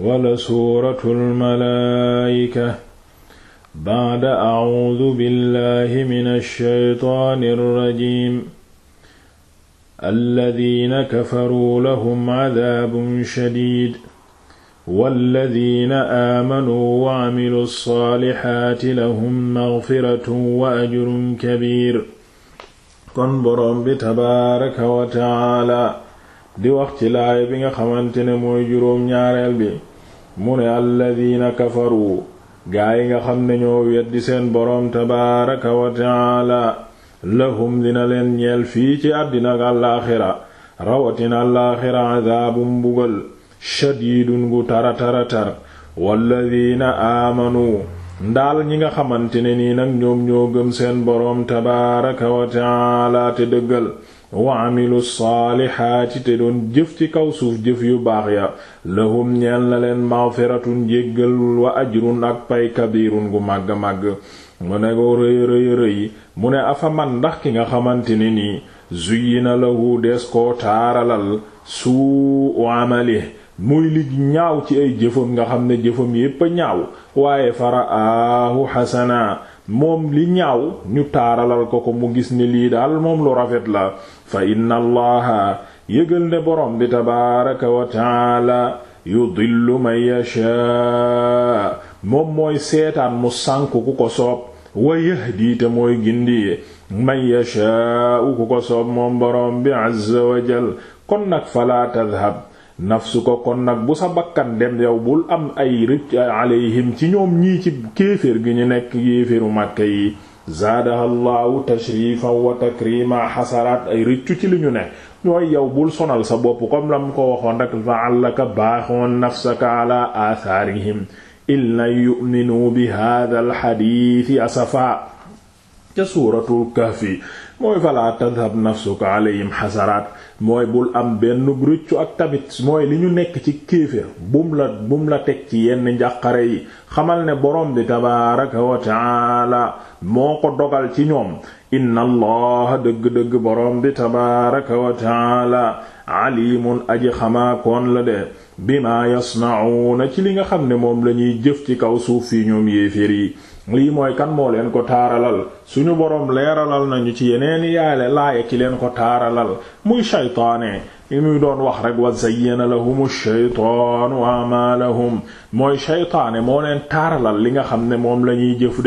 wala suuratul malaayika ba'da a'uudu billahi minash shaytaanir rajiim alladiina kafaruu lahum cadaabun shadiid walladiina aamanuu wa camilu ssaalihaati lahum magfiratun wa ajrun kabiir kon boroom bi tabaaraka wa tacaala di wax ci laaya bi nga xamante ne mooy juróom ñaareel bi mu ne alladina kafaru gaa yi nga xam nañoo ñoo weddi seen boroom tabaaraka wa taala lahum dina leen ñeel fii ci àddina ak àllaaxira rawatina àllaaxira adaabum mbugal shadiidun gu tara tara tar walladina aamanu ndaal ñi nga xamante ne nii nag ñoom ñoo gëm seen boroom tabaaraka wa taala te dëggal wa amilu saalihaati te doon jëf ci kaw suuf jëf yu baax ya lahum ñeel na leen maghfiratun jéggal wa ajrun ak pay kabirun gu màgg-màgg mu ne ko rëy rëy rëy mu ne afaman ndax ki nga xamante ne nii zuyina lahu des koo taaralal suu amali muy li ñaaw ci ay jëfam nga xam ne jëfam yépp a ñaaw waaye faraahu xasana moom li ñaaw ñu taaralal ko ko mu gis ni lii daal moom lu rafet la fa inna allaha yëgal ne borom bi tabaaraka wa taala yudillu man yashaa moom mooy seetaan mu sànk ku ko soob wa yahdi te mooy gindi man yashaa ku ko soob moom borom bi azza wa jal kon nag fala tadhab nafsu kon nag bu sa bakkan dem yow bul am ay rëcc alayhim ci ñoom ñii ci kéeféer gi ñu nekk yéeféeru màkke yi zaadaha llahu tashrifan wa takrima xasaraat ay rëccu ci li ñu ne ñooy yow bul sonal sa bopp comme lam ko waxoon rek la'allaka baaxoon nafsaka ala athaarihim in lan yu'minu bi hadha al xadiisi asafaa ca suuratul kahfi mooy falaa tadhab nafsuka alayhim xasaraat mooy bul am benn ruccu ak tamit mooy li ñu nekk ci kéeféer bum la bum la teg ci yenn njàqare yi xamal ne borom bi tabaaraka wa taala moo ko dogal ci ñoom inna allaha dëgg-dëgg borom bi tabaaraka wa taala alimun aji xamaakoon la de bima yasnauna ci li nga xam ne moom lañuy jëf ci kaw suuf yi ñoom yéeféer yi lii mooy kan moo leen ko taaralal suñu boroom leeralal nañu ci yeneen yaale laaya ki leen ko taaralal muy shaytaane li muy doon wax rek wa zayyana lahum shaytaanu a'maalahum mooy shaytaane moo leen taaralal li nga xam ne moom la ñuy jëfu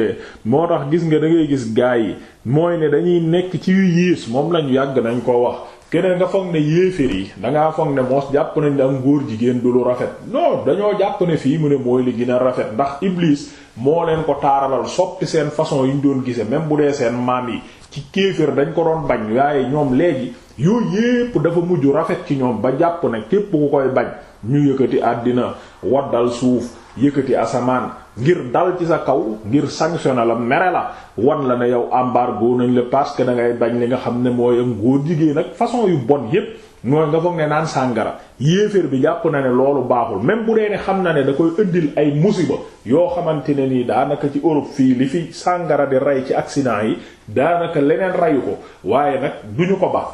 moo tax gis nga da ngay gis gaa yi mooy ne dañuy nekk ci yu yiis moom lañu yàgg nañ ko wax keneen nga foog ne yéeféer yi dangaa foog ne moo jàpp nañ ne am góor jigéen du lu rafet non dañoo jàpp ne fii mu ne mooy li gën rafet ndax Iblis moo leen ko taaralal soppi seen façon yi ñu doon gise même bu dee seen maam yi ci kéeféer dañ ko doon bañ waaye ñoom léegi yooyu yépp dafa mujj rafet ci ñoom ba jàpp ne képp ku koy bañ ñu yëkkati àddina waddal suuf yëkkati asamaan ngir dal ci sa kaw ngir sanctionner la mere la wan la ne yow embargo nañ la parce que da ngay bañ li nga xam ne mooy am góor jigéen ak façon yu bon yépp mooy nga foog ne naan sàngara yéeféer bi jàpp na ne loolu baaxul même bu dee ne xam na ne da koy ëndil ay musiba yoo xamante ne nii daanaka ci Europe fii li fi sàngara di rey ci accident yi daanaka leneen reyu ko waaye nag duñu ko baax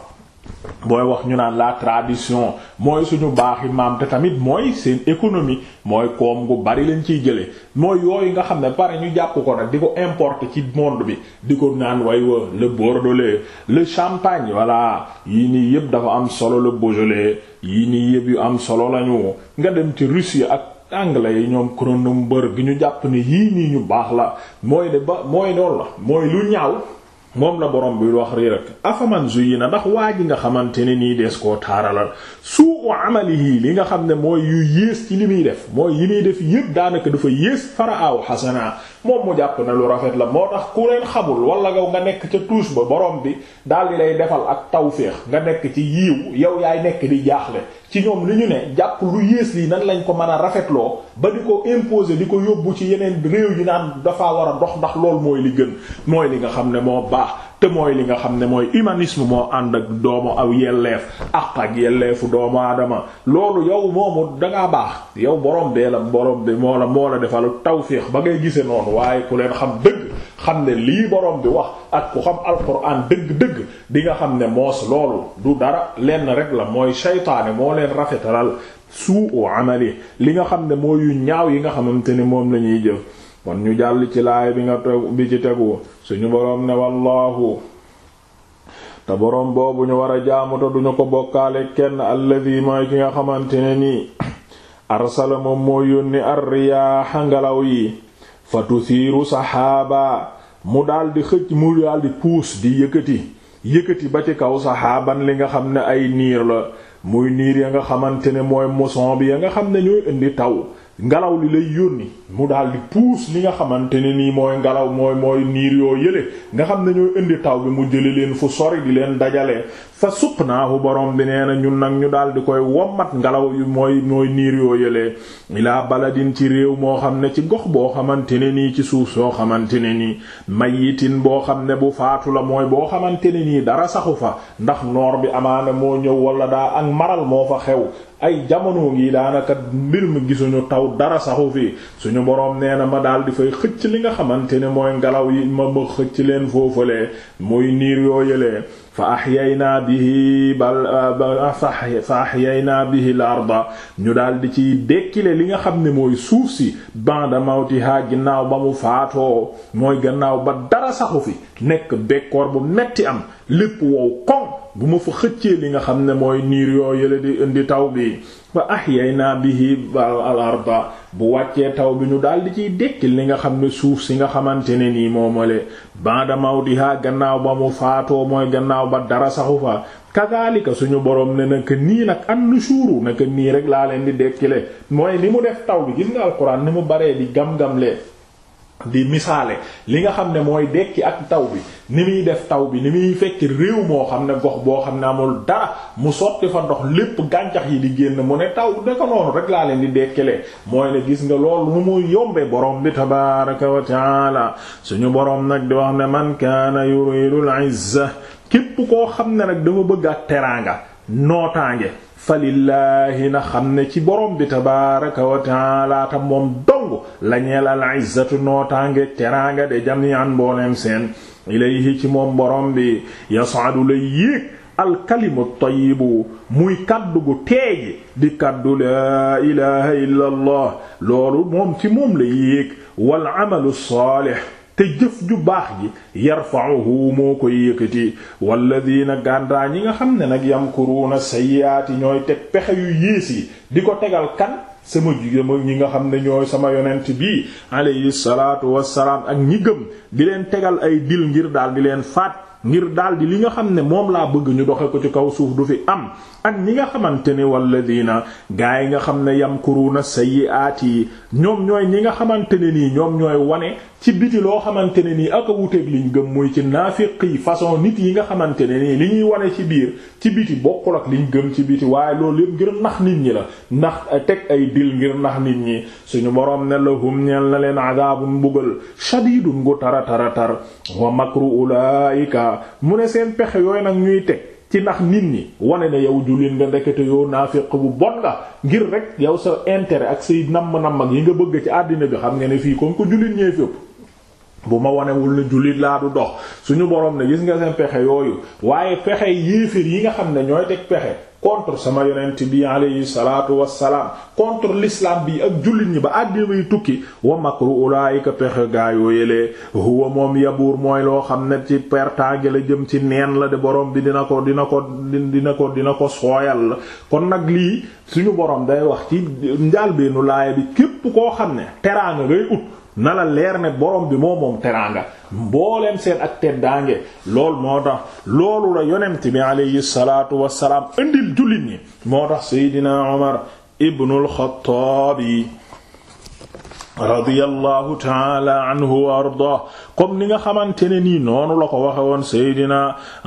booy wax ñu naan la tradition mooy suñu baax baaxi maam te tamit mooy seen économie mooy koom gu bari lañ ciy jëlee mooy yooyu nga xam ne pare ñu jàpp ko nag di ko importe ci monde bi di ko naan way wa le bordelais le champagne voilà yii nii yëpp dafa am solo la beaujolais yii nii yëpp yu am solo lañu nga dem ci yi ak. anglais yi ñoom Kronenbourg bi ñu jàpp ne yii nii ñu baax la mooy de ba mooy loolu la mooy lu ñaaw moom la borom bi wax rii rek afaman na ndax waa ji nga xamante ne nii dees koo taaralal suu amalihi li nga xam ne mooy yu yées ci li muy def mooy yi muy def yépp daanaka dafa yées faraaw xasana moom mu jàpp ne lu rafet la moo tax ku leen xamul wala gaw nga nekk ca tuus ba borom bi daal di lay defal ak tawféex nga nekk ci yiiw yow yaay nekk di jaaxle ci ñoom li ñu ne jàpp lu yées lii nan lañ ko mën a rafetloo ba di ko imposer di ko yóbbu ci yeneen réew yi naan dafa war a dox ndax lool mooy li gën te mooy li nga xam ne mooy humanisme moo ànd ak doomu aw yelleef ak ak yelleefu doomu aadama loolu yow moomu dangaa baax yow borom dee la borom bi moo la moo la defal tawfiix ba ngay gisee noonu waaye ku leen xam dëgg xam ne lii borom bi wax ak ku xam alquran dëgg-dëgg di nga xam ne moos loolu du dara lenn rek la mooy seytaane moo leen rafetalal suu amali li nga xam ne moo yu ñaaw yi nga xamante ni moom la ñuy jëf kon ñu jàll ci laay bi nga tegu bi ci tegu suñu boroom ne wallaahu te boroom boobu ñu war a jaamu te duñu ko bokkaale kenn alladi mooy ki nga xamante ne nii arsala moom moo yónni arya ngelaw yi fa tuthiiru saxaaba mu daldi xëcc mu daldi puus di yëkkati yëkkati ba ci kaw saxaaban li nga xam ne ay niir la muy niir ya nga xamante ne mooy moson bi ya nga xam ne ñooy indi taw ngelaw li lay yónni mu daal di puus li nga xamante ne nii mooy ngelaw mooy mooy niir yoo yële nga xam ne ñooy indi taw bi mu jëli leen fu sori di leen dajalee sa suq naahu borom bi nee na ñun nag ñu daal di koy wommat ngelaw yi mooy mooy niir yoo yëlee ilaa baladin ci réew moo xam ne ci gox boo xamante ne nii ci suuf soo xamante ne nii mayitin boo xam ne bu faatu la mooy boo xamante ne nii dara saxu fa ndax noor bi amaana moo ñëw wala daa ak maral moo xew ay jamono ngi daanaka mbir mi gisuñu taw dara saxu fi suñu boroom nee na ma daal di fay xëcc li nga xamante ne mooy ngelaw yi ma ma xëcc leen foofalee muy niir yoo yëlee fa ahyaynaa bihi bal fa ahyaynaa bihi al ñu daal di ciy dekkile li nga xam ne mooy suuf si ba'da mawtihaa ginnaaw ba mu faatoo mooy gannaaw ba dara saxu fi nekk bekkoor bu metti am lépp wow koŋ bu ma fa xëccee li nga xam ne mooy niir yoo yële di indi taw bi fa ahyayna bihi al arda bu wàccee taw bi ñu daal di ciy dekkil li nga xam ne suuf si nga xamante ne nii moomale ba'da mawdiha gannaaw ba mu faatoo mooy gannaaw ba dara saxu fa kadhalika suñu borom ne naka nii nag an nushuru naka nii rek laa leen di dekkile mooy li mu def taw bi gis nga alxuraan ni mu baree di gam-gamle di misaale li nga xam ne mooy dekki ak taw bi ni muy def taw bi ni muy fekk réew moo xam ne gox boo xam ne amul dara mu sotti fa ndox lépp gàncax yi di génn mu ne taw ne ko rek laa leen di dekkelee mooy ne gis nga loolu nu mu yombee borom bi tabaraka wa suñu borom nag di wax ne man kaana yuridul izza képp koo xam ne nag dafa bëgg ak teraanga nootaange falillaahi na xam ne ci borom bi tabaaraka wa taala ta moom dong la ñeel al nootaange teraanga de jami'an mbooleem seen ilayhi ci moom borom bi yas'adu lay yéeg alkalimu tayyibu muy kaddu gu teeji di kaddu laa ilaha illa allah loolu moom ci moom la wal amalu saalih te jëf ju baax ji yarfa'uhu moo koy yëkkati walladina gàndaa ñi nga xam ne nag yamkuruuna sayyiaati ñooy teg pexe yu yées yi di ko tegal kan sama jigéen ñi nga xam ne ñooy sama yonent bii alayhi salaatu wassalaam ak ñi gëm di leen tegal ay dil ngir daal di leen faat ngir daldi li nga xam ne moom laa bëgg ñu doxe ko ci kaw suuf du fi am ak ñi nga xamante ni walladina gaa yi nga xam ne yam yamkuruna sayyi'ati yi ñoom ñooy ñi nga xamante ne nii ñoom ñooy wane ci biti loo xamante ne nii ak a wuteeg liñ gëm muy ci naafiq yi façon nit yi nga xamante ne nii li ñuy wane ci biir ci biti bokkul ak liñ gëm ci biti waaye loolu yëpp ngir nax nit ñi la ndax teg ay dil ngir nax nit ñi suñu boroom ne lahum ñeel na leen adabun mbugal shadidun gu tara tar mu ne seen pexe yooyu nag ñuy teg ci ndax nit ñi wane ne yow jullit nga ndekete naa naafiq bu bon nga ngir rek yow sa intérêt ak say namm-namm ak yi nga bëgg ci àddina bi xam nga ne fii comme ko jullit ñee fi ëpp bu ma wanewul na jullit laa du dox suñu borom na gis nga seen pexe yooyu waaye pexe yéeféer yi nga xam ne ñooy teg pexe contre sama yonent bi alayhi salaatu wassalaam contre lislaam bi ak jullit ñi ba àddina bay tukki wa makru ulaayika pexe gaayoo yélee huwa moom yabuur mooy loo xam ne ci pertaage la jëm ci neen la de boroom bi dina ko dina ko dina ko dina ko sooyal la kon nag lii suñu borom day wax ci njàlbeenu laaya bi képp koo xam ne teraanga ngay ut na la leer ne borom bi moo moom teraanga mbooleem seen ak teddaange loolu moo tax loolu la yonent bi alayhi salaatu wassalaam indil jullit ñi moo tax seydina Umar ibnul Xattaab radiyallahu taala anhu wa ardaa comme ni nga xamante ne nii noonu la ko waxe woon Seydina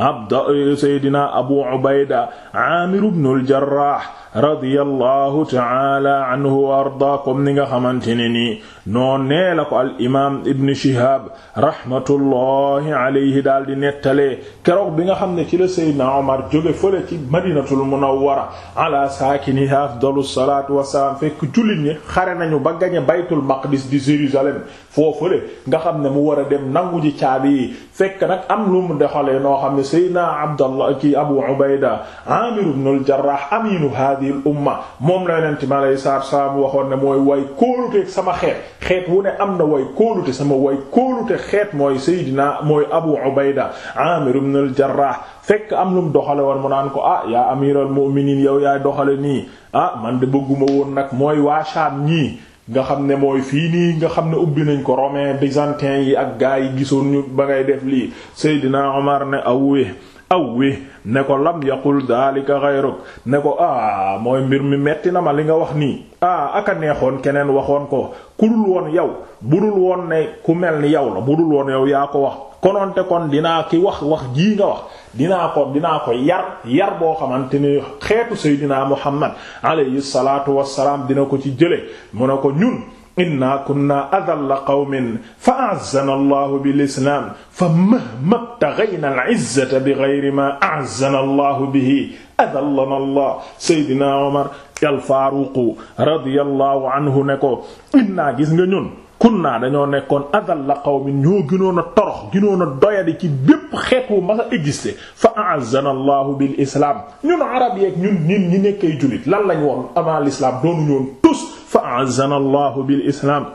Abda Seydina Abu Ubayda Aamir ibn al-Jarrah radiyallahu ta'ala anhu wa arda comme ni nga xamante ne nii noon nee la ko al imaam Ibn Shihab rahmatullahi daal di nettalee keroog bi nga xam ne ci la Seydina Omar jóge fële ci madinatul munawwara ala saakiniha afdalu salaatu wassalaam fekk jullit ñi xare nañu ba gañe baytul maqdis di Jérusalem foo fële nga xam ne mu war dem dem nangu ji caabi yi fekk nag am lu mu doxalee noo xam ne Seydina Abdallah ki Abu Ubayda Amir ibn al-Jarrah aminu hadhihi al-umma moom la yonent mi alayhi salaatu salaam waxoon ne mooy way kóolute sama xeet xeet wu ne am na way kóolute sama way kóolute xeet mooy Seydina mooy Abu Ubayda Amir ibn al-Jarrah fekk am lu mu doxale woon mu naan ko ah yaa amiral mu'minin yow yaay doxale nii ah man de bëgguma woon nag mooy waa Shaam ñii nga xam ne mooy fii nii nga xam ne ubbi nañ ko romain byzantin yi ak gaa yi gisoon ñu ba ngay def lii Seydina Omar ne awwe awwe ne ko lam yaqul daalika xayruk ne ko aa ah, mooy mbir mi metti na ma li nga wax nii aa ah, aka neexoon keneen waxoon ko ku dul woon yow bu dul woon ne ku mel ni yow la bu dul woon yow yaa ko wax konoonte kon dinaa ki wax wax jii nga wax dinaa ko dinaa ko yar yar boo xamante ni xeetu seydinaa muhammad alayhi salaatu wassalaam dina ko ci jële mu ne ko ñun inna kunna adalla qawmin fa a'azzana allahu bil islam fa mahma btaghayna al izzata bighayri ma a'azzana allahu bihi adallana allah seydinaa omar al faaruqu radiyallahu anhu ne ko inna gis nga ñun naa dañoo nekkoon adal la qawmin ñoo gënoon a torox gënoon a doyadi ci bépp xeet wu mas a existé fa a'azzana allahu bil islaam ñun arab yeeg ñun ñun ñi nekkay jullit lan lañ woon avant l'islam doonuñu woon tus fa a'azzana allahu bi islaam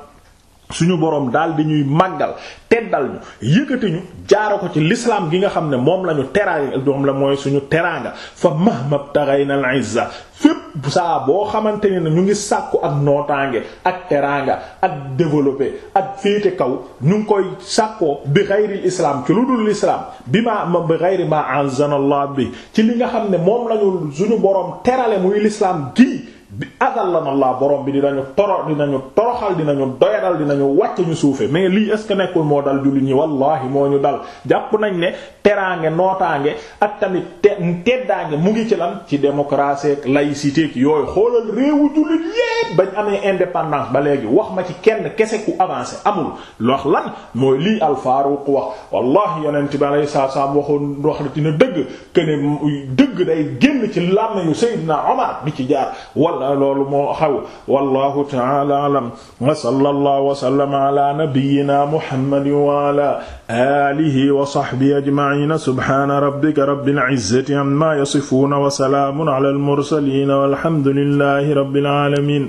suñu boroom daal di ñuy màggal teddal ñu yëkkati ñu jaara ko ci lislaam gi nga xam ne moom la ñu teraanga moom la mooy suñu teraanga fa mahmab taghayna al izza saa boo xamante ni ne ñu ngi sàkku ak nootaange ak teraanga ak développé ak féete kaw ñu ngi koy sàkkoo bi xayril islam ci lu dul l'islam bi ma ma bi xayri ma anzanallah bi ci li nga xam ne moom lañu suñu boroom terale muy lislaam gii bi azallanallah boroom bi dinañu toro dinañu toro toroxal dinañu doyadal dinañu wàcc ñu suufe mais lii est ce que nekkul moo dal jullit ñi wallahi moo ñu dal jàpp nañ ne teraange nootaange ak tamit te teddaange mu ngi ci lan ci démocratie ak laïcité ak yooyu xoolal réewu jullit yépp bañ amee indépendant ba léegi wax ma ci kenn kese ku avancé amul wax lan mooy lii al Faaruq wax wallahi yonent bi alayhi salaam waxoon wax dina dëgg que ne dëgg day génn ci làmmiñu Seydina Omar bi ci jaar walla loolu moo xaw wallahu ta'ala alam wa sallallahu wa sallama ala nabiyyina muhammadin wa ala alihi wa sahbihi ajma'ina subhana rabbika rabbil izzati amma yasifuna wa salamun ala al mursalin walhamdulillahi rabbil alamin